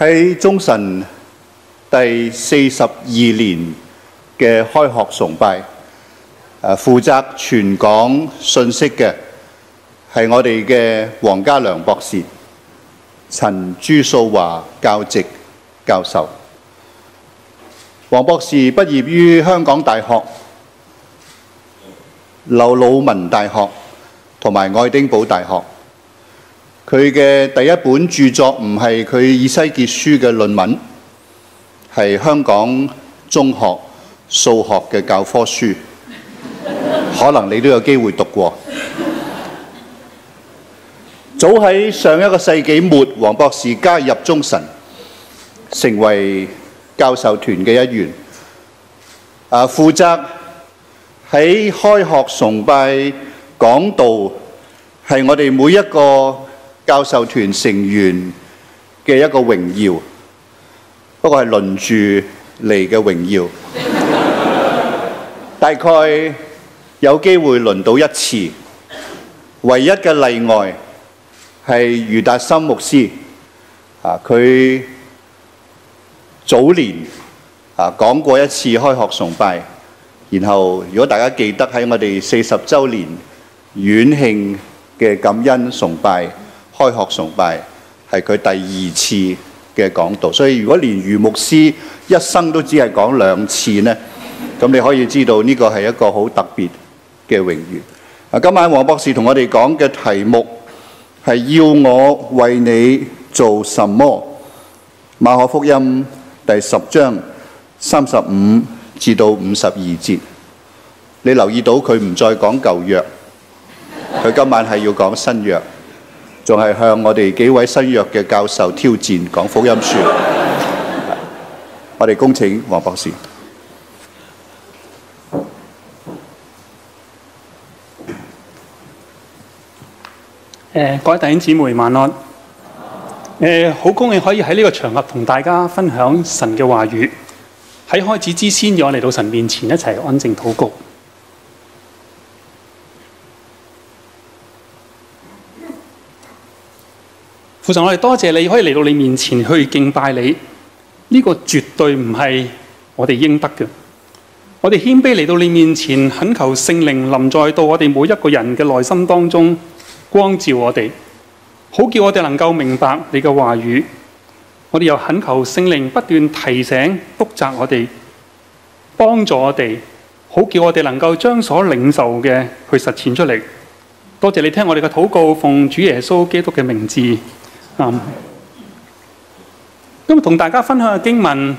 喺中神第四十二年嘅開學崇拜，誒負責傳講信息嘅係我哋嘅黃嘉樑博士、陳朱素華教席教授。黃博士畢業於香港大學、魯汶大學同埋愛丁堡大學。佢嘅第一本著作唔係佢以西結書嘅論文，係香港中學數學嘅教科書， 可能你都有機會讀過。早喺上一個世紀末，黃博士加入中神，成為教授團嘅一員。啊，負責喺開學崇拜講道，係我哋每一個。教授團成員嘅一個榮耀，不過係輪住嚟嘅榮耀， 大概有機會輪到一次。唯一嘅例外係余達森牧師啊，佢早年啊講過一次開學崇拜，然後如果大家記得喺我哋四十週年院慶嘅感恩崇拜。開學崇拜係佢第二次嘅講道，所以如果連余牧師一生都只係講兩次呢，咁你可以知道呢個係一個好特別嘅榮譽。啊，今晚黃博士同我哋講嘅題目係要我為你做什麼？馬可福音第十章三十五至到五十二節，你留意到佢唔再講舊約，佢今晚係要講新約。仲係向我哋幾位新約嘅教授挑戰講福音書。 我哋恭請黃博士。呃、各位弟兄姊妹，晚安。好、呃，高興可以喺呢個場合同大家分享神嘅話語。喺開始之先，要我哋嚟到神面前一齊安靜禱告。父神，我哋多謝你可以嚟到你面前去敬拜你，呢、這個絕對唔係我哋應得嘅。我哋謙卑嚟到你面前，懇求聖靈臨在到我哋每一個人嘅內心當中，光照我哋，好叫我哋能夠明白你嘅話語。我哋又懇求聖靈不斷提醒、督責我哋，幫助我哋，好叫我哋能夠將所領受嘅去實踐出嚟。多謝你聽我哋嘅禱告，奉主耶穌基督嘅名字。嗯，今日同大家分享嘅經文，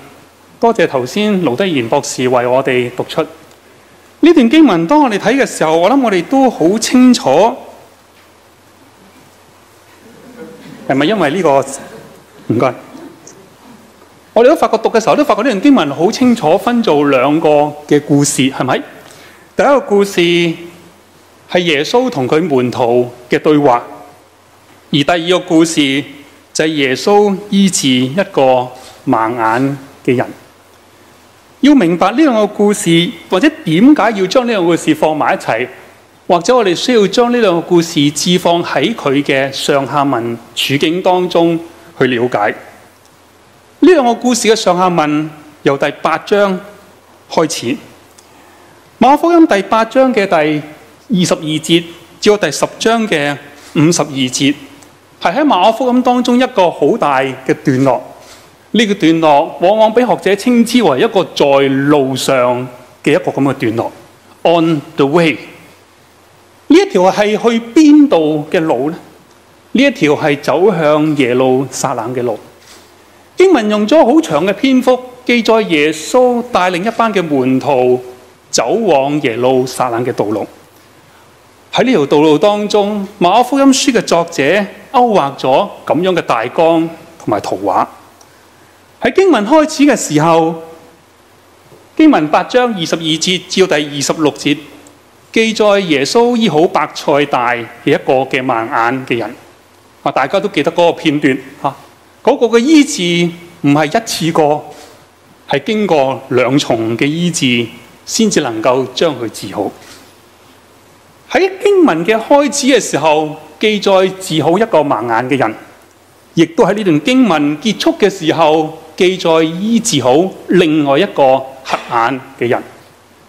多謝頭先盧德賢博士為我哋讀出呢段經文。當我哋睇嘅時候，我諗我哋都好清楚，係咪因為呢、這個唔該？我哋都發覺讀嘅時候，都發覺呢段經文好清楚，分做兩個嘅故事，係咪？第一個故事係耶穌同佢門徒嘅對話。而第二個故事就係、是、耶穌醫治一個盲眼嘅人。要明白呢兩個故事，或者點解要將呢兩個故事放埋一齊，或者我哋需要將呢兩個故事置放喺佢嘅上下文處境當中去了解。呢兩個故事嘅上下文，由第八章開始。馬可福音第八章嘅第二十二節至到第十章嘅五十二節。係喺馬可福音當中一個好大嘅段落。呢、這個段落往往被學者稱之為一個在路上嘅一個咁嘅段落。On the way，呢一條係去邊度嘅路呢？呢一條係走向耶路撒冷嘅路。經文用咗好長嘅篇幅記載耶穌帶領一班嘅門徒走往耶路撒冷嘅道路。喺呢條道路當中，馬可福音書嘅作者，勾畫咗咁樣嘅大綱同埋圖畫。喺經文開始嘅時候，經文八章二十二節至到第二十六節，記載耶穌醫好伯賽大嘅一個嘅盲眼嘅人。啊，大家都記得嗰個片段吓，嗰個嘅醫治唔係一次過，係經過兩重嘅醫治先至能夠將佢治好。喺經文嘅開始嘅時候。記載治好一個盲眼嘅人，亦都喺呢段經文結束嘅時候記載醫治好另外一個瞎眼嘅人。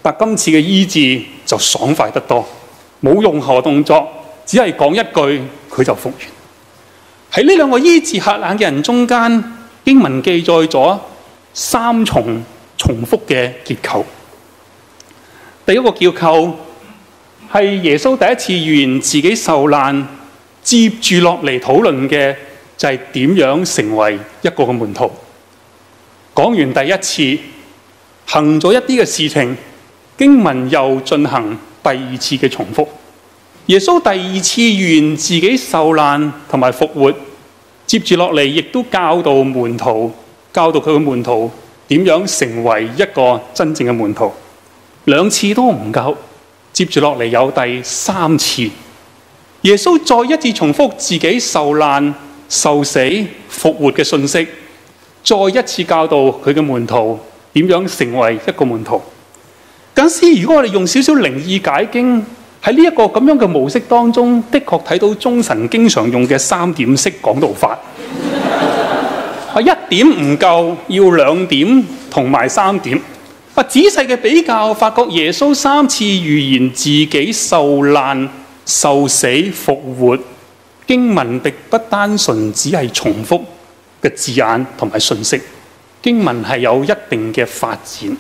但今次嘅醫治就爽快得多，冇任何動作，只係講一句佢就復原。喺呢兩個醫治瞎眼嘅人中間，經文記載咗三重重複嘅結構。第一個結構係耶穌第一次預言自己受難。接住落嚟討論嘅就係點樣成為一個嘅門徒。講完第一次，行咗一啲嘅事情，經文又進行第二次嘅重複。耶穌第二次預言自己受難同埋復活，接住落嚟亦都教導門徒，教導佢嘅門徒點樣成為一個真正嘅門徒。兩次都唔夠，接住落嚟有第三次。耶穌再一次重複自己受難、受死、復活嘅信息，再一次教導佢嘅門徒點樣成為一個門徒。咁所以如果我哋用少少靈意解經喺呢個咁樣嘅模式當中，的確睇到中神經常用嘅三點式講道法， 一點唔夠要兩點同埋三點。啊，仔細嘅比較，發覺耶穌三次預言自己受難。受死復活經文並不單純只係重複嘅字眼同埋信息，經文係有一定嘅發展，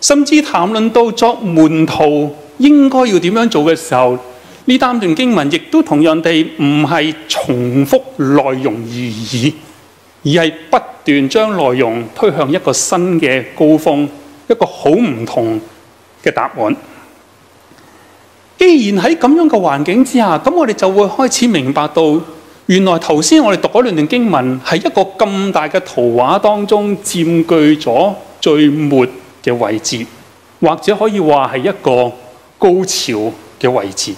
甚至談論到作門徒應該要點樣做嘅時候，呢單段經文亦都同樣地唔係重複內容而已，而係不斷將內容推向一個新嘅高峰，一個好唔同嘅答案。既然喺這樣嘅環境之下，咁我哋就會開始明白到，原來頭先我哋讀嗰段經文係一個咁大嘅圖畫當中佔據咗最末嘅位置，或者可以話係一個高潮嘅位置。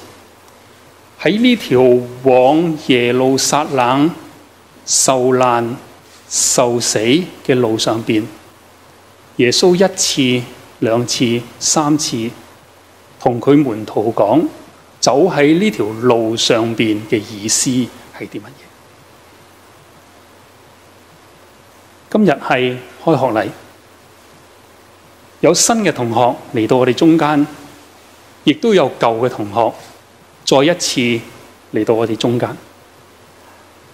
喺呢條往耶路撒冷受難、受死嘅路上邊，耶穌一次、兩次、三次。同佢門徒講，走喺呢條路上面嘅意思係啲乜嘢？今日係開學禮，有新嘅同學嚟到我哋中間，亦都有舊嘅同學再一次嚟到我哋中間。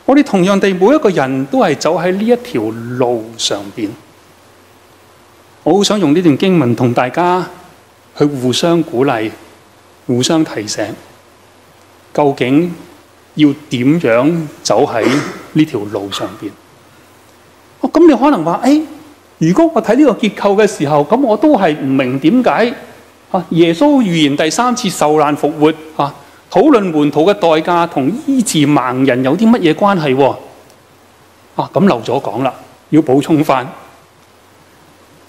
我哋同樣地，每一個人都係走喺呢一條路上邊。我好想用呢段經文同大家。佢互相鼓勵，互相提醒，究竟要點樣走喺呢條路上面？噉你可能話，誒，如果我睇呢個結構嘅時候，噉我都係唔明點解，耶穌預言第三次受難復活，討論門徒嘅代價同醫治盲人有啲乜嘢關係？噉漏咗講喇，要補充返。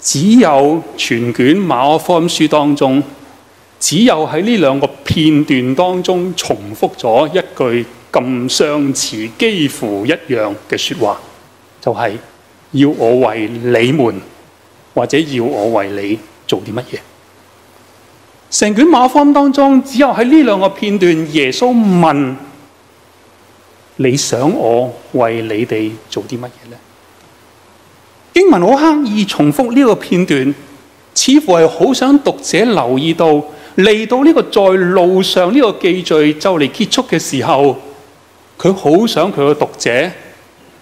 只有全卷馬方書當中，只有喺呢兩個片段當中重複咗一句咁相似，幾乎一樣嘅說話，就係要我為你們或者要我為你做啲乜嘢。成卷馬方當中，只有喺呢兩個片段，耶穌問「你想我為你哋做啲乜嘢呢？」經文好刻意重複呢個片段，似乎係好想讀者留意到，嚟到呢個在路上呢個記敘就嚟結束嘅時候，佢好想佢個讀者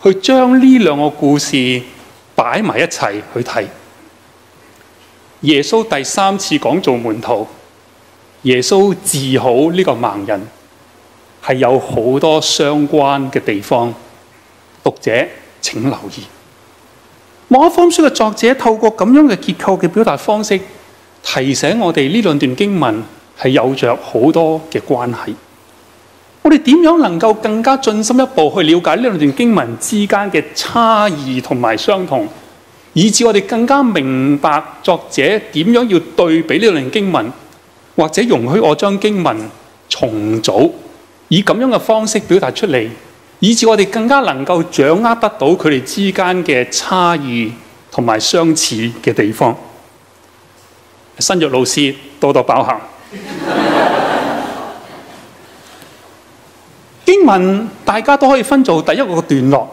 去將呢兩個故事擺埋一齊去睇。耶穌第三次講做門徒，耶穌治好呢個盲人，係有好多相關嘅地方，讀者請留意。某一方書嘅作者透過這樣嘅結構嘅表達方式，提醒我哋呢兩段經文係有着好多嘅關係。我哋點樣能夠更加進深一步去了解呢兩段經文之間嘅差異同埋相同，以致我哋更加明白作者點樣要對比呢兩段經文，或者容許我將經文重組，以這樣嘅方式表達出嚟。以致我哋更加能夠掌握得到佢哋之間嘅差異同埋相似嘅地方。新約老師多多包涵。 經文大家都可以分做第一個段落，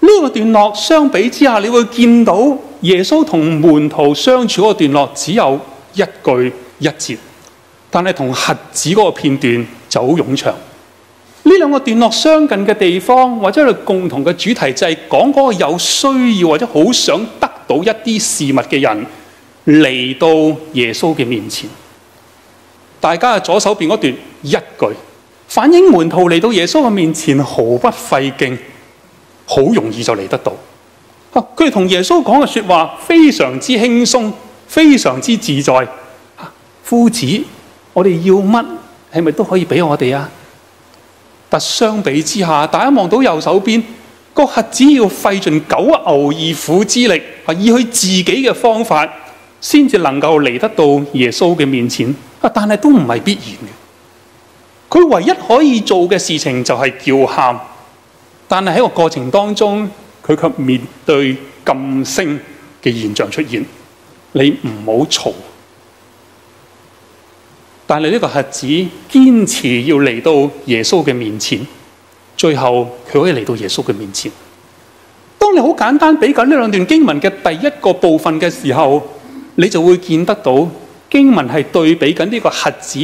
呢、這個段落相比之下，你會見到耶穌同門徒相處嗰個段落只有一句一節，但係同瞎子嗰個片段就好冗長。呢兩個段落相近嘅地方，或者係共同嘅主題，就是講嗰個有需要或者好想得到一啲事物嘅人嚟到耶穌嘅面前。大家左手邊嗰段一句，反映門徒嚟到耶穌嘅面前毫不費勁，好容易就嚟得到。佢同耶穌講嘅說話非常之輕鬆，非常之自在。夫子，我哋要乜係咪都可以俾我哋啊？但相比之下，大家望到右手邊，那個孩子要費盡九牛二虎之力，以佢自己嘅方法先至能夠嚟得到耶穌嘅面前，但係都唔係必然嘅。佢唯一可以做嘅事情就係叫喊，但係喺個過程當中，佢卻面對禁聲嘅現象出現。你唔好嘈。但係呢個瞎子堅持要嚟到耶穌嘅面前，最後佢可以嚟到耶穌嘅面前。當你好簡單比較呢兩段經文嘅第一個部分嘅時候，你就會見得到經文係對比緊呢個瞎子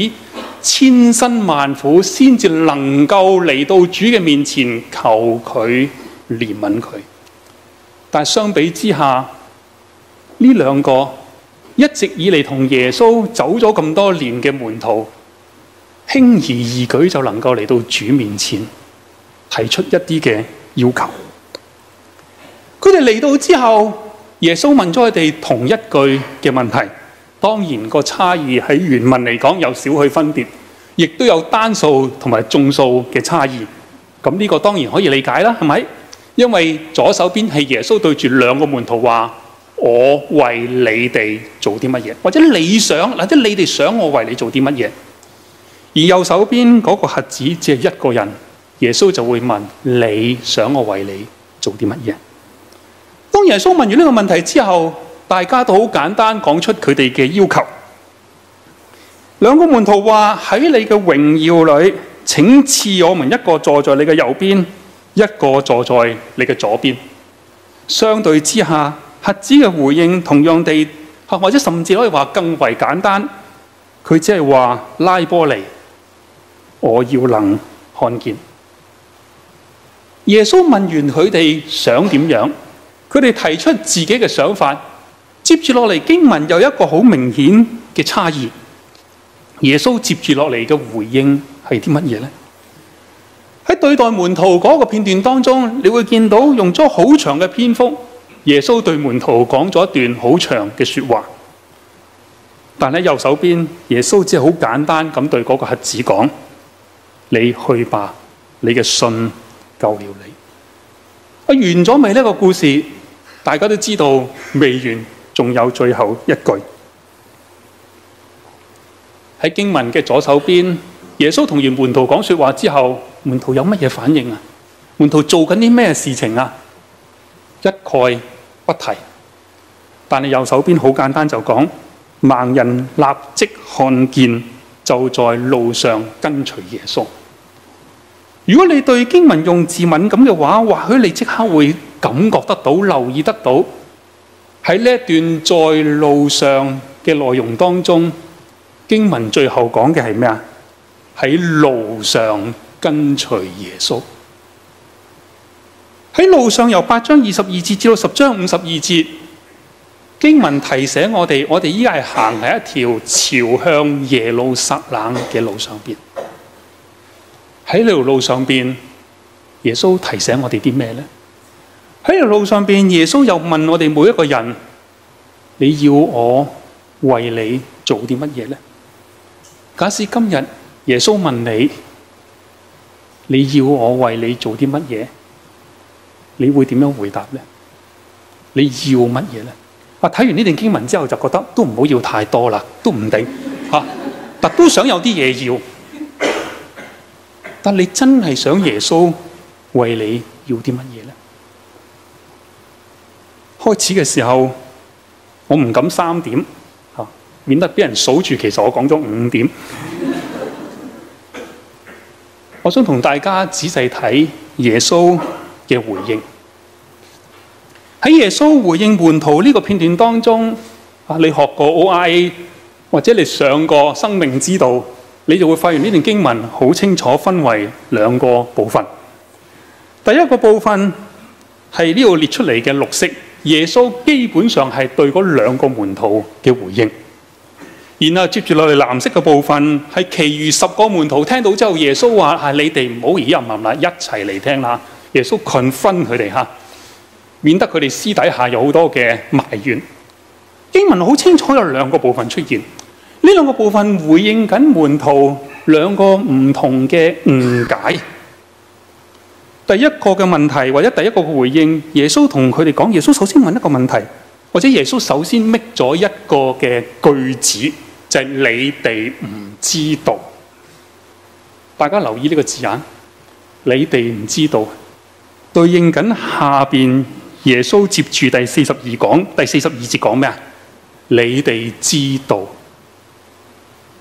千辛萬苦先至能夠嚟到主嘅面前，求佢憐憫佢。但相比之下，呢兩個。一直以嚟同耶穌走咗咁多年嘅門徒，輕而易舉就能夠嚟到主面前提出一啲嘅要求。佢哋嚟到之後，耶穌問咗佢哋同一句嘅問題。當然個差異喺原文嚟講有少許分別，亦都有單數同埋眾數嘅差異。咁呢個當然可以理解啦，係咪？因為左手邊係耶穌對住兩個門徒話我為你哋做啲乜嘢，或者你想，或者你哋想我為你做啲乜嘢？而右手邊嗰個瞎子只係一個人，耶穌就會問，你想我為你做啲乜嘢？當耶穌問完呢個問題之後，大家都好簡單講出佢哋嘅要求。兩個門徒話，喺你嘅榮耀裏，請賜我們一個坐在你嘅右邊，一個坐在你嘅左邊。相對之下。瞎子嘅回應同樣地，或者甚至可以話更為簡單，佢只係話拉波尼，我要能看見。耶穌問完佢哋想點樣，佢哋提出自己嘅想法。接住落嚟經文有一個好明顯嘅差異。耶穌接住落嚟嘅回應係啲乜嘢呢？喺對待門徒嗰個片段當中，你會見到用咗好長嘅篇幅。耶穌對門徒講咗一段好長嘅說話，但係喺右手邊，耶穌只係好簡單咁對嗰個瞎子講：你去吧，你嘅信救了你。我、啊、完咗未呢個故事？大家都知道未完，仲有最後一句。喺經文嘅左手邊，耶穌同完門徒講說話之後，門徒有乜嘢反應啊？門徒做緊啲咩事情啊？一概。不提，但係右手邊好簡單就講，盲人立即看見，就在路上跟隨耶穌。如果你對經文用字敏感嘅話，或許你即刻會感覺得到、留意得到，喺呢一段在路上嘅內容當中，經文最後講嘅係咩啊？喺路上跟隨耶穌。喺路上，由八章二十二節至到十章五十二節經文提醒我哋，我哋依家係行喺一條朝向耶路撒冷嘅路上邊。喺呢條路上邊，耶穌提醒我哋啲咩呢？喺呢條路上邊，耶穌又問我哋每一個人：你要我為你做啲乜嘢呢？假使今日耶穌問你：你要我為你做啲乜嘢？你會點樣回答呢？你要乜嘢呢？啊，睇完呢段經文之後就覺得都唔好要，要太多喇都唔定、啊、但都想有啲嘢要。但你真係想耶穌為你要啲乜嘢呢？開始嘅時候我唔敢三點、啊、免得俾人數住。其實我講咗五點，我想同大家仔細睇耶穌。嘅回應喺耶穌回應門徒呢個片段當中，啊，你學過 OIA 或者你上過生命之道，你就會發現呢段經文好清楚分為兩個部分。第一個部分係呢度列出嚟嘅綠色，耶穌基本上係對嗰兩個門徒嘅回應。然後接住落嚟藍色嘅部分係其餘十個門徒聽到之後，耶穌話：你哋唔好咿咿噏噏啦，一齊嚟聽啦。耶穌群分佢哋嚇，免得佢哋私底下有好多嘅埋怨。經文好清楚有兩個部分出現，呢兩個部分在回應緊門徒兩個唔同嘅誤解。第一個嘅問題或者第一個嘅回應，耶穌同佢哋講，耶穌首先問一個問題，或者耶穌首先搣咗一個嘅句子，就係、是、你哋唔知道。大家留意呢個字眼，你哋唔知道。對應緊下面耶穌接住第四十二講，第四十二節講咩啊？你哋知道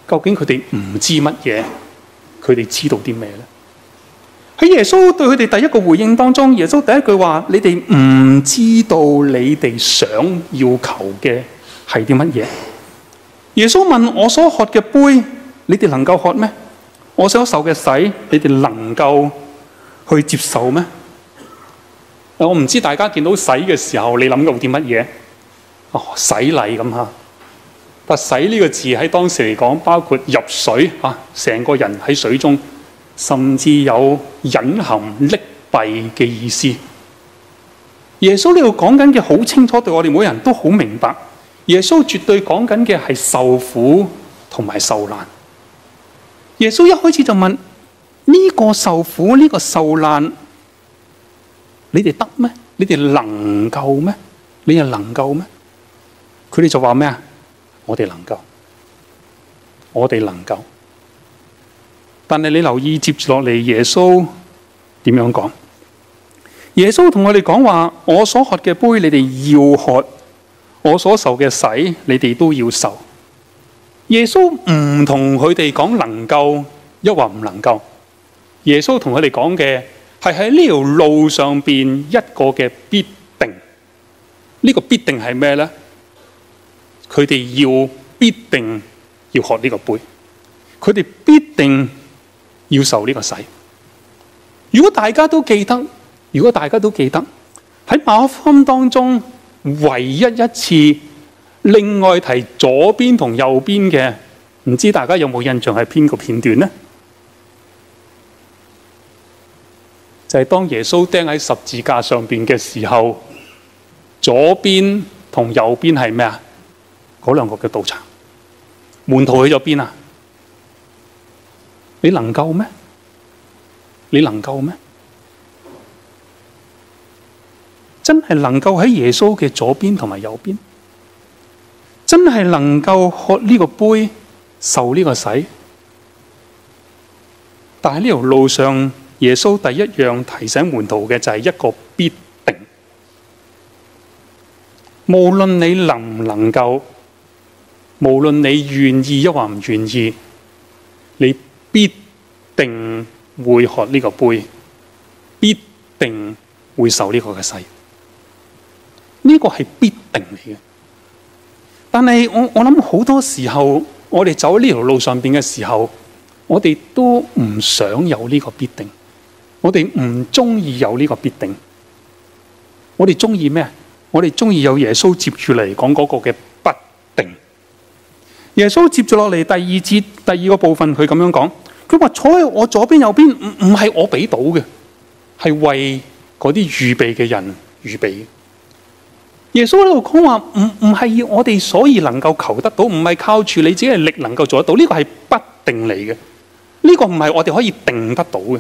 究竟佢哋唔知乜嘢？佢哋知道啲咩咧？喺耶穌對佢哋第一個回應當中，耶穌第一句話：你哋唔知道你哋想要求嘅係啲乜嘢？耶穌問我所喝嘅杯，你哋能夠喝咩？我所受嘅洗，你哋能夠去接受咩？我唔知大家見到洗嘅時候，你諗到啲乜嘢？哦，洗禮咁嚇。但洗呢個字喺當時嚟講，包括入水啊，成個人喺水中，甚至有隱含溺斃嘅意思。耶穌呢度講緊嘅好清楚，對我哋每人都好明白。耶穌絕對講緊嘅係受苦同埋受難。耶穌一開始就問呢個受苦、呢個受難。你哋得咩？你哋能夠咩？你又能夠咩？佢哋就話咩啊？我哋能夠，我哋能夠。但係你留意接住落嚟耶穌點樣講？耶穌同佢哋講話：我所喝嘅杯，你哋要喝；我所受嘅洗，你哋都要受。耶穌唔同佢哋講能夠，抑或唔能夠。耶穌同佢哋講嘅。係喺呢條路上邊一個嘅必定，呢、這個必定係咩呢？佢哋要必定要喝呢個杯，佢哋必定要受呢個洗。如果大家都記得，如果大家都記得喺馬可福音當中唯一一次另外提左邊同右邊嘅，唔知道大家有冇有印象係邊個片段呢？就係當耶穌釘喺十字架上邊嘅時候，左邊同右邊係咩啊？嗰兩個嘅盜賊，門徒去咗邊啊？你能夠咩？你能夠咩？真係能夠喺耶穌嘅左邊同埋右邊，真係能夠喝呢個杯，受呢個洗，但係呢條路上。耶穌第一樣提醒門徒嘅就係一個必定，無論你能唔能夠，無論你願意或唔願意，你必定會喝呢個杯，必定會受呢個嘅洗。呢個係必定嚟嘅。但係我我諗好多時候我哋走喺呢條路上面嘅時候，我哋都唔想有呢個必定。我哋唔中意有呢個必定，我哋中意咩？我哋中意有耶穌接住嚟講嗰個嘅不定。耶穌接住落嚟第二節第二個部分，佢咁樣講，佢話坐喺我左邊、右邊，唔唔係我俾到嘅，係為嗰啲預備嘅人預備。耶穌喺度講話，唔唔係要我哋所以能夠求得到，唔係靠住你自己嘅力能夠做得到。呢個係不定嚟嘅，呢個唔係我哋可以定得到嘅。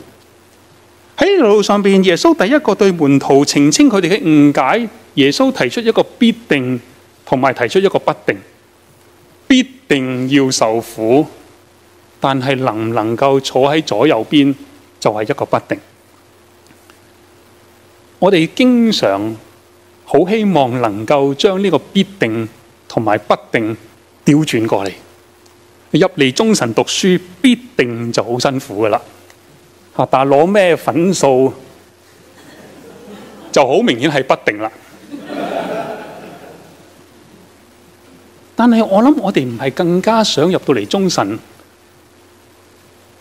喺路上邊，耶穌第一個對門徒澄清佢哋嘅誤解。耶穌提出一個必定，同埋提出一個不定。必定要受苦，但係能唔能夠坐喺左右邊，就係一個不定。我哋經常好希望能夠將呢個必定同埋不定調轉過嚟。入嚟中神讀書，必定就好辛苦噶啦。啊、但係攞咩分數就好明顯係不定啦。 但係我諗，我哋唔係更加想入到嚟中神，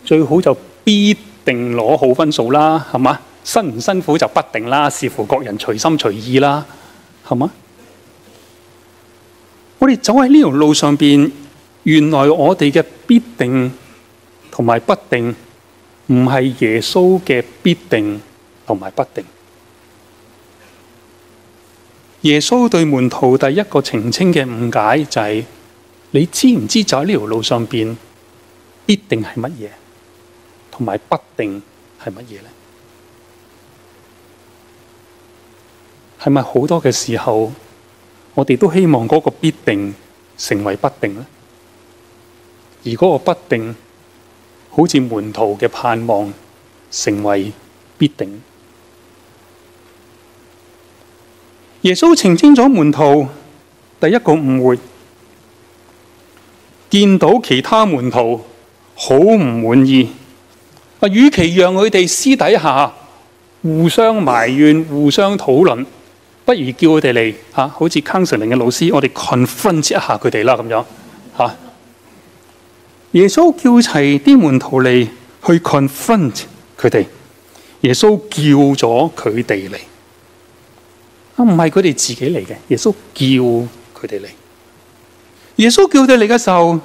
最好就必定攞好分數啦，係嘛？辛唔辛苦就不定啦，視乎各人隨心隨意啦，係嘛？我哋走喺呢條路上邊，原來我哋嘅必定同埋不定。唔係耶穌嘅必定同埋不定。耶穌對門徒第一個澄清嘅誤解就係：你知唔知就喺呢條路上邊必定係乜嘢，同埋不定係乜嘢呢？係咪好多嘅時候，我哋都希望嗰個必定成為不定呢？而嗰個不定？好似門徒嘅盼望成為必定，耶穌澄清咗門徒第一個誤會，見到其他門徒好唔滿意，啊，與其讓佢哋私底下互相埋怨、互相討論，不如叫佢哋嚟吓，好似 counseling 嘅老師，我哋 confront 一下佢哋啦，咁樣吓。耶穌叫齊啲門徒嚟去 confront 佢哋。耶穌叫咗佢哋嚟，唔係佢哋自己嚟嘅。耶穌叫佢哋嚟。耶穌叫佢哋嚟嘅時候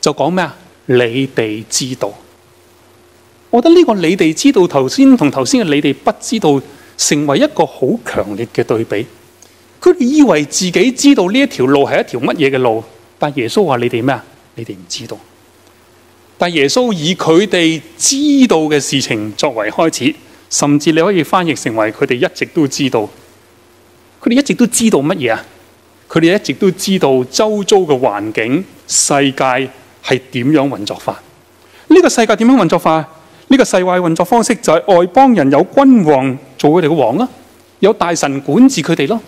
就講咩啊？你哋知道，我覺得呢個你哋知道，頭先同頭先嘅你哋不知道，成為一個好強烈嘅對比。佢哋以為自己知道呢一條路係一條乜嘢嘅路，但耶穌話你哋咩啊？你哋唔知道。但耶穌以佢哋知道嘅事情作為開始，甚至你可以翻譯成為佢哋一直都知道。佢哋一直都知道乜嘢啊？佢哋一直都知道周遭嘅環境、世界係點樣運作法。呢個世界點樣運作法？呢個世外運作方式就係外邦人有君王做佢哋嘅王啦，有大臣管治佢哋咯。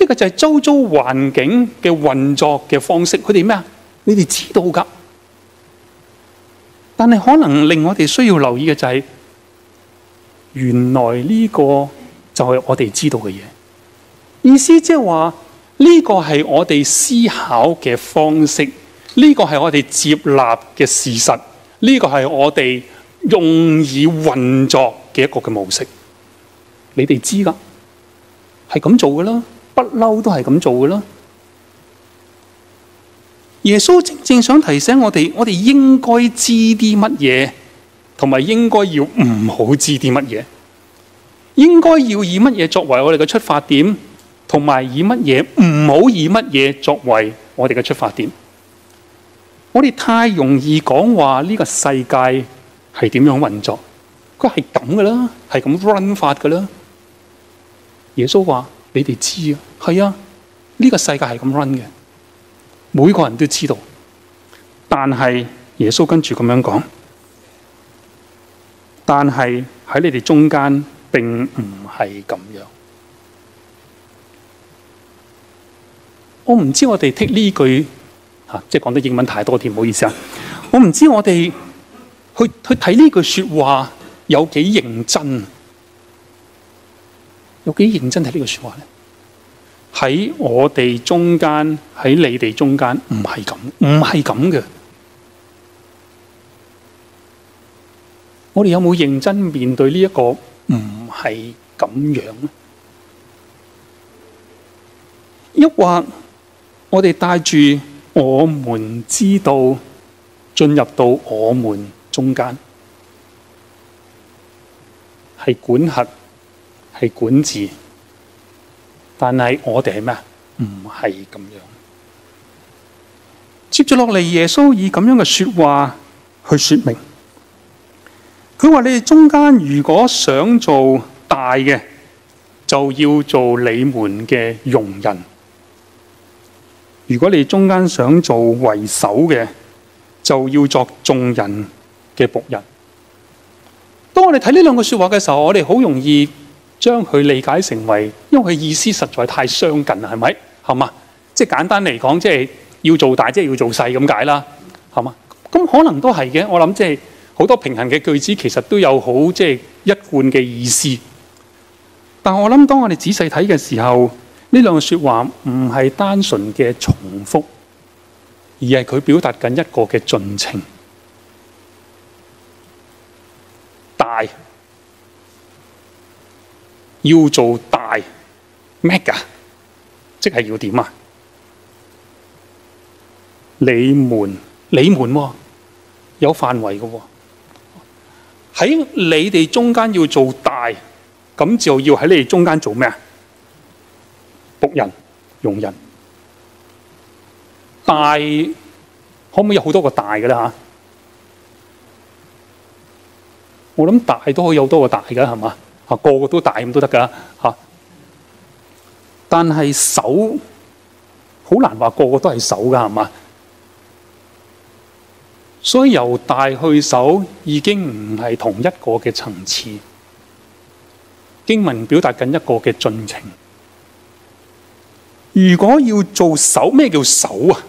呢個就係周遭環境嘅運作嘅方式。佢哋咩啊？你哋知道噶。但係可能令我哋需要留意嘅就係，原來呢個就係我哋知道嘅嘢。意思即係話呢個係我哋思考嘅方式，呢個係我哋接納嘅事實，呢個係我哋用以運作嘅一個嘅模式你們。你哋知㗎？係咁做噶啦，不嬲都係咁做噶啦。耶穌正正想提醒我哋，我哋應該知啲乜嘢，同埋應該要唔好知啲乜嘢。應該要以乜嘢作為我哋嘅出發點，同埋以乜嘢唔好以乜嘢作為我哋嘅出發點。我哋太容易講話呢個世界係點樣運作，佢係咁噶啦，係咁 run 法噶啦。耶穌話，你哋知啊，係啊，呢個世界係咁 run 嘅。每個人都知道，但係耶穌跟住咁樣講，但係喺你哋中間並唔係咁樣。我唔知我哋聽呢句嚇，即係講得英文太多添，唔好意思啊。我唔知我哋去去睇呢句説話有幾認真，有幾認真睇呢句説話。喺我哋中間，喺你哋中間，唔係咁，唔係咁嘅。我哋有冇認真面對呢、這、一個唔係咁樣，抑或我哋帶住我們知道進入到我們中間，係管轄，係管治。但係我哋係咩？唔係咁樣。接住落嚟，耶穌以咁樣嘅說話去說明。佢話：你哋中間如果想做大嘅，就要做你們嘅用人；如果你哋中間想做為首嘅，就要作眾人嘅僕人。當我哋睇呢兩句說話嘅時候，我哋好容易。將佢理解成為，因為佢意思實在太相近了，係咪？係嘛？即係簡單嚟講，即要做大，即係要做細咁解啦。係嘛？咁可能都係嘅。我諗即好多平衡嘅句子，其實都有好即一貫嘅意思。但我諗當我哋仔細睇嘅時候，呢兩句說話唔係單純嘅重複，而係佢表達緊一個嘅進程。要做大咩噶？即係要點啊？你們你們喎，有範圍嘅喎，喺你哋中間要做大，咁、哦哦、就要喺你哋中間做咩啊？僕人用人大，可唔可以有好多個大嘅咧？吓，我諗大都可以有好多個大嘅，係嘛？嚇，個個都大咁都得噶嚇。但係首好難話個個都係首噶，係嘛？所以由大去首已經唔係同一個嘅層次。經文表達緊一個嘅進程。如果要做首，咩叫首啊？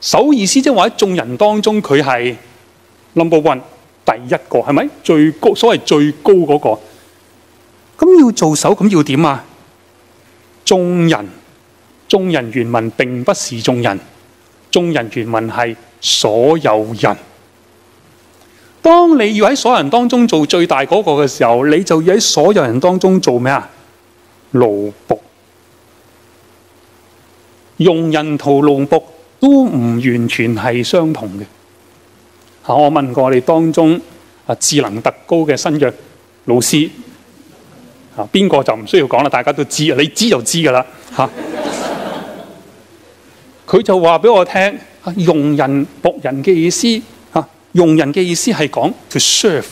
首意思即係話喺眾人當中佢係 number one，第一個係咪最高？所謂最高嗰個。咁要做手咁要點啊？眾人，眾人原文並不是眾人，眾人原文係所有人。當你要喺所有人當中做最大嗰個嘅時候，你就要喺所有人當中做咩啊？奴僕，用人同奴僕都唔完全係相同嘅。吓，我問過我哋當中啊智能特高嘅新約老師。啊，邊個就唔需要講啦？大家都知啊，你知就知噶啦嚇。佢、啊、 就話俾我聽，用人僕人嘅意思嚇，用、啊、人嘅意思係講 to serve。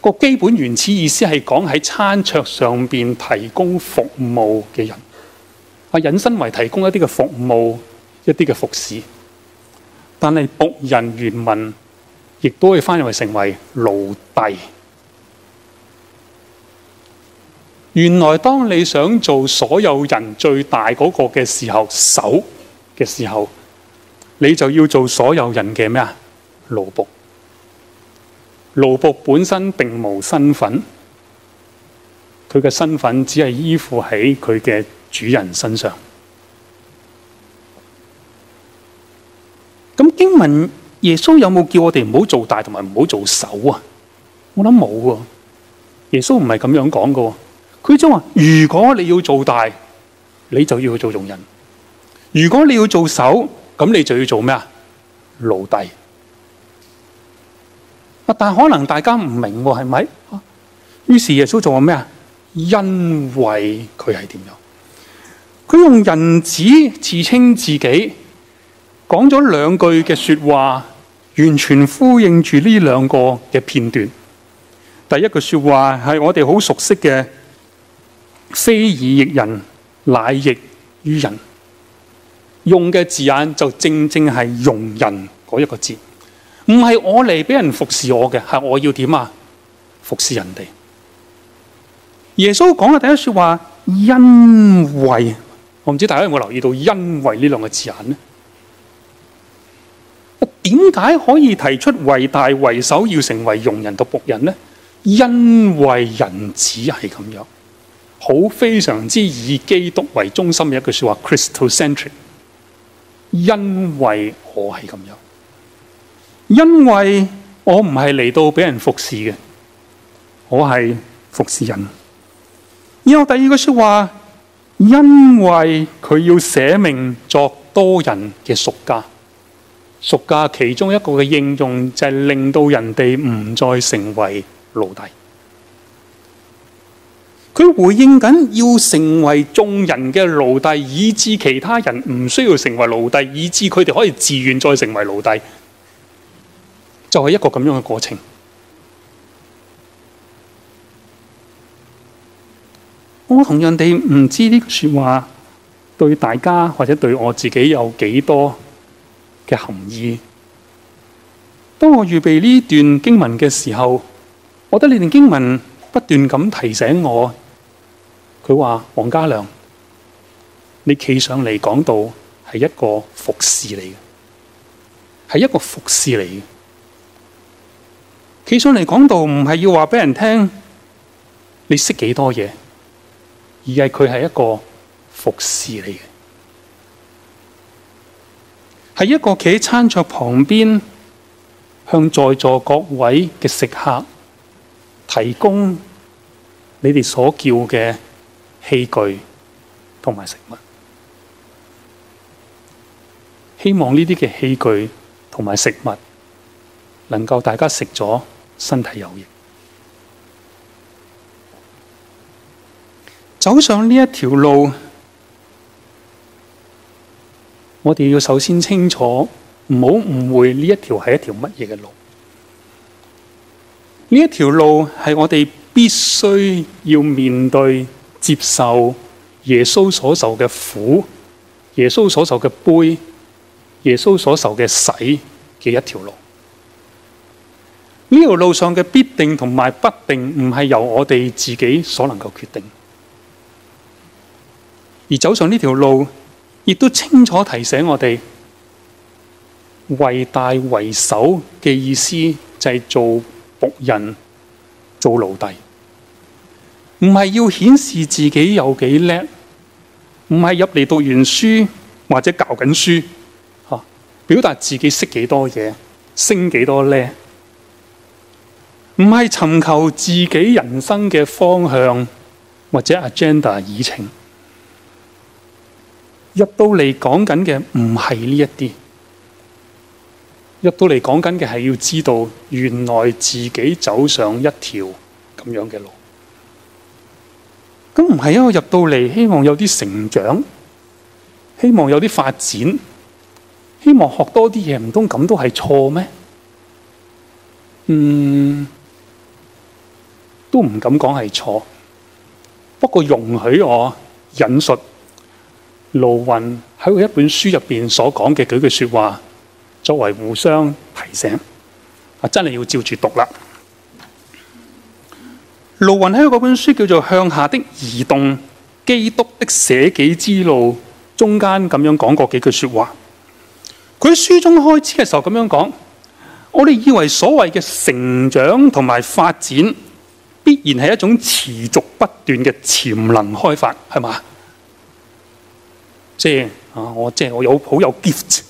個基本原始意思係講喺餐桌上邊提供服務嘅人，啊引申為提供一啲嘅服務、一啲嘅服侍。但係僕人原文亦都可以翻譯為成為奴隸。原來當你想做所有人最大嗰個嘅時候，手嘅時候，你就要做所有人嘅咩啊？奴僕，奴僕本身並冇身份，佢嘅身份只係依附喺佢嘅主人身上。咁經文耶穌有冇叫我哋唔好做大，同埋唔好做手啊？我諗冇啊，耶穌唔係咁樣講噶。佢就話：如果你要做大，你就要做傭人；如果你要做首，咁你就要做咩啊？奴隸。但可能大家唔明係咪？於是耶穌就話咩啊？因為佢係點樣？佢用人子自稱自己，講咗兩句嘅說話，完全呼應住呢兩個嘅片段。第一句說話係我哋好熟悉嘅。非以役人，乃役於人。用嘅字眼就正正係容人嗰一個字，唔係我嚟畀人服侍我嘅，係我要點啊？服侍人哋。耶穌講嘅第一說話，因為我唔知大家有冇留意到，因為呢兩個字眼呢？我點解可以提出為大為首，要成為容人同「僕人」呢？因為人只係咁樣。好，非常之以基督為中心嘅一句說話，Christocentric。因為我係咁樣，因為我唔係嚟到畀人服侍嘅，我係服侍人。然後第二句說話，因為佢要捨命作多人嘅贖價，贖價其中一個嘅應用就係令到人哋唔再成為奴隸。佢回應緊要成為眾人嘅奴隸，以至其他人唔需要成為奴隸，以至佢哋可以自願再成為奴隸，就係、是、一個咁樣嘅過程。我同樣地唔知呢句說話對大家或者對我自己有幾多嘅含義。當我預備呢段經文嘅時候，我覺得呢段經文不斷咁提醒我。佢話：黃嘉樑，你企上嚟講道係一個服侍嚟嘅，係一個服侍嚟嘅。企上嚟講道唔係要話畀人聽你識幾多嘢，而係佢係一個服侍嚟嘅，係一個企喺餐桌旁邊向在座各位嘅食客提供你哋所叫嘅。器具同埋食物，希望呢啲嘅器具同埋食物，能夠大家食咗，身體有益。走上呢一條路，我哋要首先清楚，唔好誤會呢一條係一條乜嘢嘅路。呢一條路係我哋必須要面對接受耶穌所受嘅苦，耶穌所受嘅杯，耶穌所受嘅洗嘅一條路。呢條路上嘅必定同埋不定，唔係由我哋自己所能夠決定。而走上呢條路，亦都清楚提醒我哋為大為首嘅意思，就係做僕人、做奴隸。唔係要顯示自己有幾叻，唔係入嚟讀完書或者教緊書，啊、表達自己識幾多嘢，升幾多叻，唔係尋求自己人生嘅方向或者 agenda 議程。入到嚟講緊嘅唔係呢一啲，入到嚟講緊嘅係要知道，原來自己走上一條咁樣嘅路。咁唔係啊！因為我入到嚟希望有啲成長，希望有啲發展，希望學多啲嘢，唔通咁都係錯咩？嗯，都唔敢講係錯。不過容許我引述盧雲喺佢一本書入邊所講嘅幾句説話，作為互相提醒。啊，真係要照住讀啦！盧雲喺嗰本書叫做《向下的移動》，基督的捨己之路，中間咁樣講過幾句說話。佢喺書中開始嘅時候咁樣講：，我哋以為所謂嘅成長同埋發展，必然係一種持續不斷嘅潛能開發，係嘛？即係啊，我即係我有好有 gift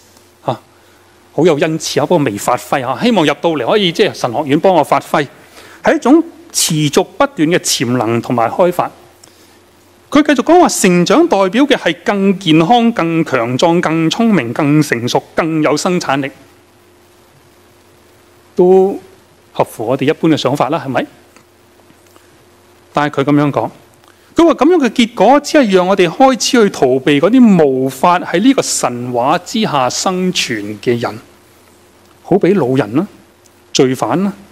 啊，好有恩賜，不過未發揮啊，希望入到嚟可以即係、就是、神學院幫我發揮，係一種。持續不斷嘅潛能同埋開發，佢繼續講話成長代表嘅係更健康、更強壯、更聰明、更成熟、更有生產力，都合乎我哋一般嘅想法啦，係咪？但係佢咁樣講，佢話咁樣嘅結果只係讓我哋開始去逃避嗰啲無法喺呢個神話之下生存嘅人，好比老人啦、啊、罪犯啦、啊。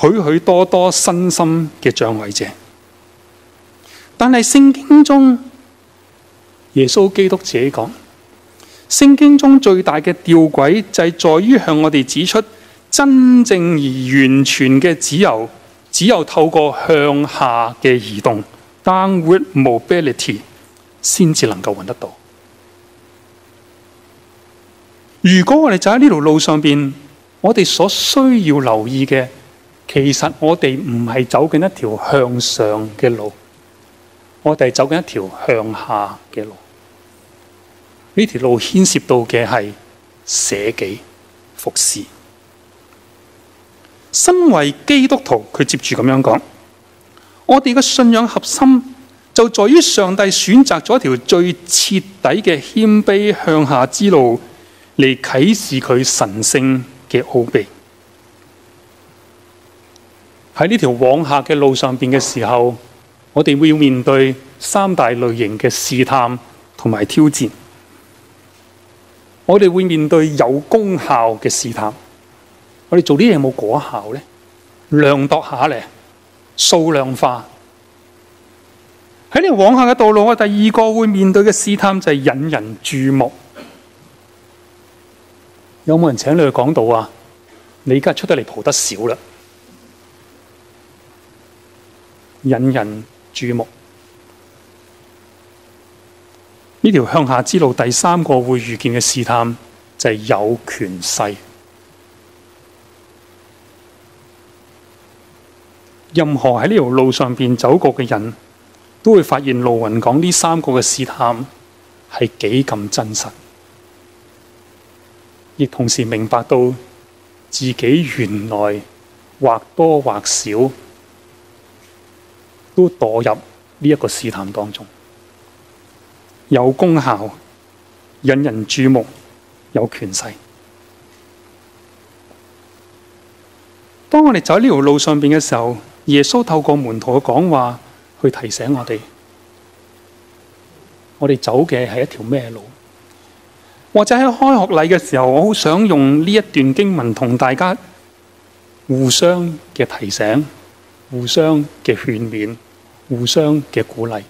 許許多多身心嘅障礙者，但是聖經中耶穌基督自己講，聖經中最大嘅吊詭就係在於向我哋指出，真正而完全嘅自由，只有只有透過向下嘅移動 （downward mobility） 先至能夠揾得到。如果我哋就喺呢條路上，我哋所需要留意嘅。其實我哋唔係走緊一條向上嘅路，我哋係走緊一條向下嘅路。呢條路牽涉到嘅係捨己服侍。身為基督徒，佢接住咁樣講：我哋嘅信仰核心就在於上帝選擇咗一條最徹底嘅謙卑向下之路，嚟啟示佢神聖嘅奧秘。喺呢條往下嘅路上邊嘅時候，我哋會要面對三大類型嘅試探同埋挑戰。我哋會面對有功效嘅試探，我哋做啲嘢有冇果效呢？量度下咧，數量化。喺呢條往下嘅道路，我第二個會面對嘅試探就係引人注目。有冇人請你去講道啊？你而家出得嚟蒲得少了引人注目。呢條向下之路，第三個會遇見嘅試探就係有權勢。任何喺呢條路上邊走過嘅人都會發現，路云講呢三個嘅試探係幾咁真實，亦同時明白到自己原來或多或少。都墮入呢一個試探當中，有功效、引人注目、有權勢。當我哋走喺呢條路上邊嘅時候，耶穌透過門徒嘅講話去提醒我哋，我哋走嘅係一條咩路？或者喺開學禮嘅時候，我好想用呢一段經文同大家互相嘅提醒，互相嘅勸勉。互相嘅鼓勵，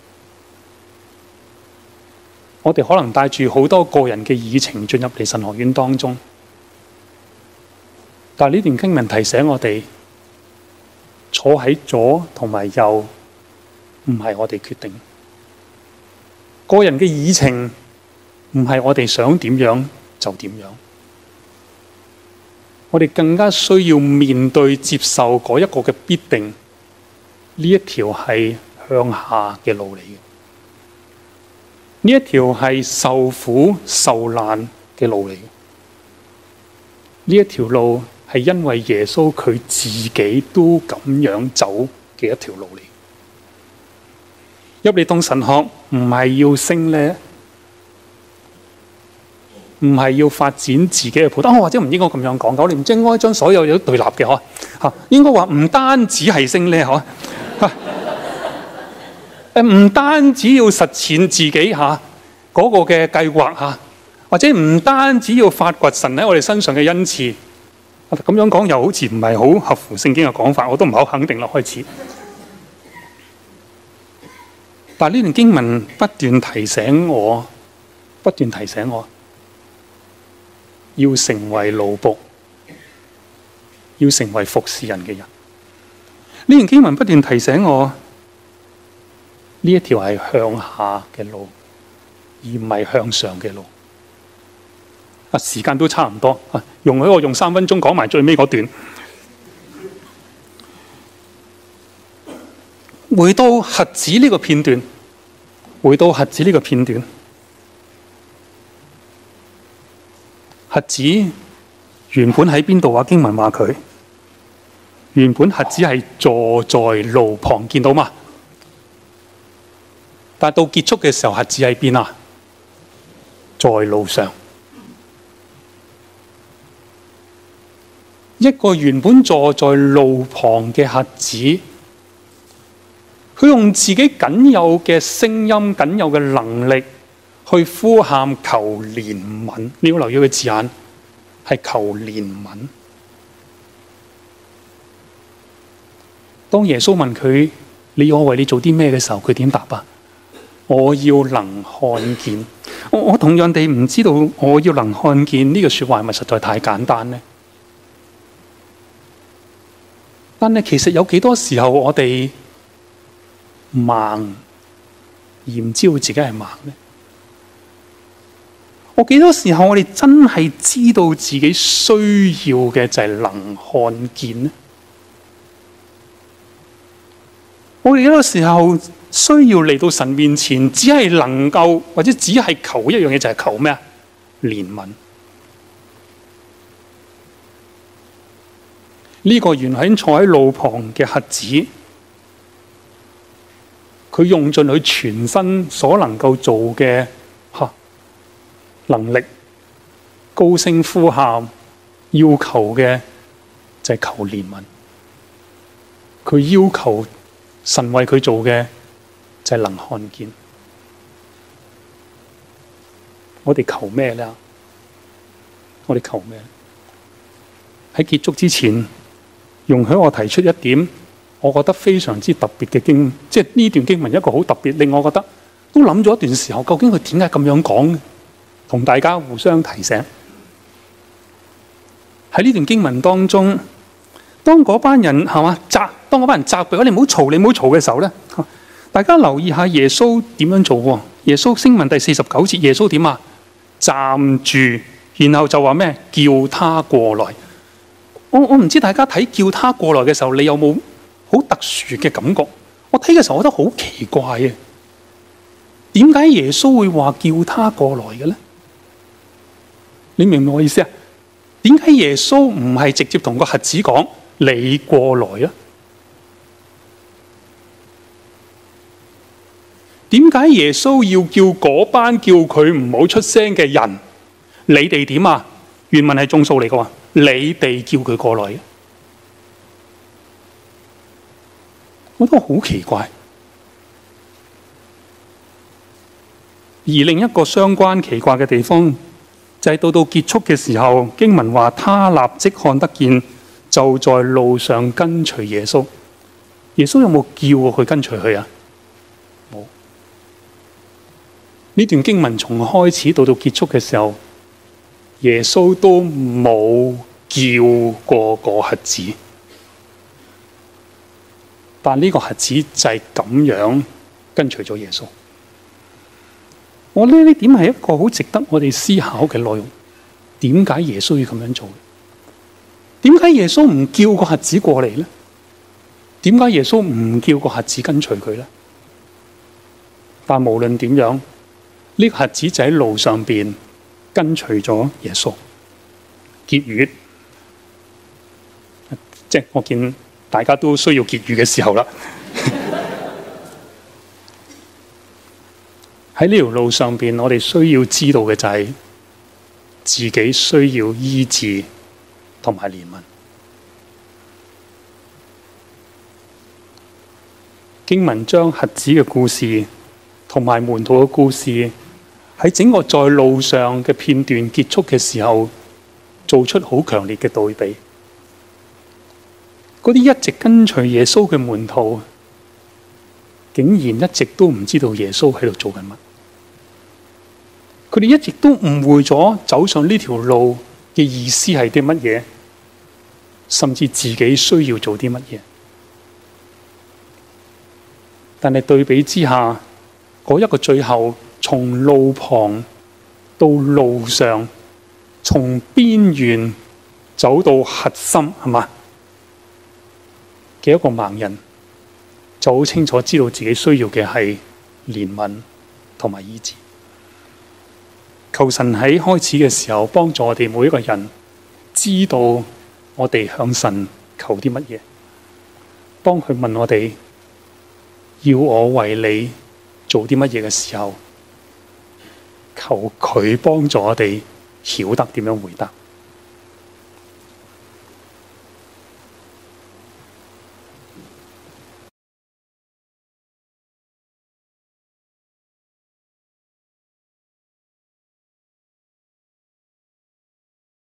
我哋可能帶住好多個人嘅議程，進入嚟神學院當中，但呢段經文提醒我哋，坐喺左同埋右，唔係我哋決定。個人嘅議程，唔係我哋想點樣就點樣，我哋更加需要面對接受嗰一個嘅必定，呢一條係向下嘅路嚟嘅，呢一條係受苦受難嘅路嚟嘅，呢一條路係因為耶穌佢自己都咁樣走嘅一條路嚟。入嚟當神學唔係要升咧，唔係要發展自己嘅普，但、哦、係或者唔應該咁樣講，九你唔應該將所有嘢都對立嘅嗬吓，應該話唔單止係升咧嗬。啊唔單止要實踐自己吓嗰個嘅計劃吓，或者唔單止要發掘神喺我哋身上嘅恩賜，咁樣講又好似唔係好合乎聖經嘅講法，我都唔係好肯定啦。開始， 但係呢段經文不斷提醒我，不斷提醒我，要成為奴僕，要成為服侍人嘅人。呢段經文不斷提醒我。呢一條係向下嘅路，而唔係向上嘅路。啊，時間都差唔多，容許我用三分鐘講埋最尾嗰段。回到瞎子呢個片段，回到瞎子呢個片段，瞎子原本喺邊度啊？經文話佢原本瞎子係坐在路旁，見到嘛？但到結束嘅時候，瞎子喺邊呀？在路上、嗯，一個原本坐在路旁嘅瞎子，佢用自己僅有嘅聲音、僅有嘅能力去呼喊求憐憫。你要留意個字眼係求憐憫。當耶穌問佢：你要我為你做啲咩嘅時候，佢點答啊？我要能看見，我同樣地唔知道我要能看見呢個說話係咪實在太簡單呢？但係其實有幾多時候我哋盲而唔知道自己係盲呢？我幾多時候我哋真係知道自己需要嘅就係能看見呢？我哋幾多時候？需要嚟到神面前，只係能夠或者只係求一樣嘢，就係求咩啊？憐憫，呢個原肯坐喺路旁嘅瞎子，佢用盡佢全身所能夠做嘅吓能力，高聲呼喊，要求嘅就係求憐憫。佢要求神為佢做嘅。就係能看見。我哋求咩咧？我哋求咩咧？喺結束之前，容許我提出一點，我覺得非常之特別嘅經，即係呢段經文一個好特別，令我覺得都諗咗一段時候，究竟佢點解咁樣講？同大家互相提醒喺呢段經文當中，當嗰班人係嘛責，當嗰班人責備，我哋唔好嘈，你唔好嘈嘅時候咧。大家留意下耶穌點樣做，哦？耶穌經文第四十九節，耶穌點啊？站住，然後就話咩？叫他過來。我我唔知大家睇叫他過來嘅時候，你有冇好特殊嘅感覺？我睇嘅時候，我覺得好奇怪啊！點解耶穌會話叫他過來嘅呢？你明唔明我意思啊？點解耶穌唔係直接同個瞎子講你過來啊？點解耶穌要叫嗰班叫佢唔好出聲嘅人？你哋點啊？原文係眾數嚟嘅喎，你哋叫佢過來嘅，我覺得好奇怪。而另一個相關奇怪嘅地方，就係到到結束嘅時候，經文話他立即看得見，就在路上跟隨耶穌。耶穌有冇叫佢跟隨佢啊？呢段經文從開始到，到結束嘅時候，耶穌都冇叫過個瞎子，但呢個瞎子就係咁樣跟隨咗耶穌。我呢，呢點係一個好值得我哋思考嘅內容。點解耶穌要咁樣做？點解耶穌唔叫個瞎子過嚟咧？點解耶穌唔叫個瞎子跟隨佢咧？但無論點樣。呢、這個瞎子就喺路上邊跟隨咗耶穌結語，即係我見大家都需要結語嘅時候啦。喺 呢 條路上邊，我哋需要知道嘅就係自己需要醫治同埋憐憫經文章，將瞎子嘅故事同埋門徒嘅故事。喺整個在路上嘅片段結束嘅時候，做出好強烈嘅對比。嗰啲一直跟隨耶穌嘅門徒，竟然一直都唔知道耶穌喺度做緊乜。佢哋一直都誤會咗走上呢條路嘅意思係啲乜嘢，甚至自己需要做啲乜嘢。但係對比之下，嗰一個最後。從路旁到路上，從邊緣走到核心，係嘛嘅一個盲人就好清楚知道自己需要嘅係憐憫同埋醫治。求神喺開始嘅時候幫助我哋每一個人，知道我哋向神求啲乜嘢，當佢問我哋，要我為你做啲乜嘢嘅時候。求佢幫助我哋曉得點樣回答。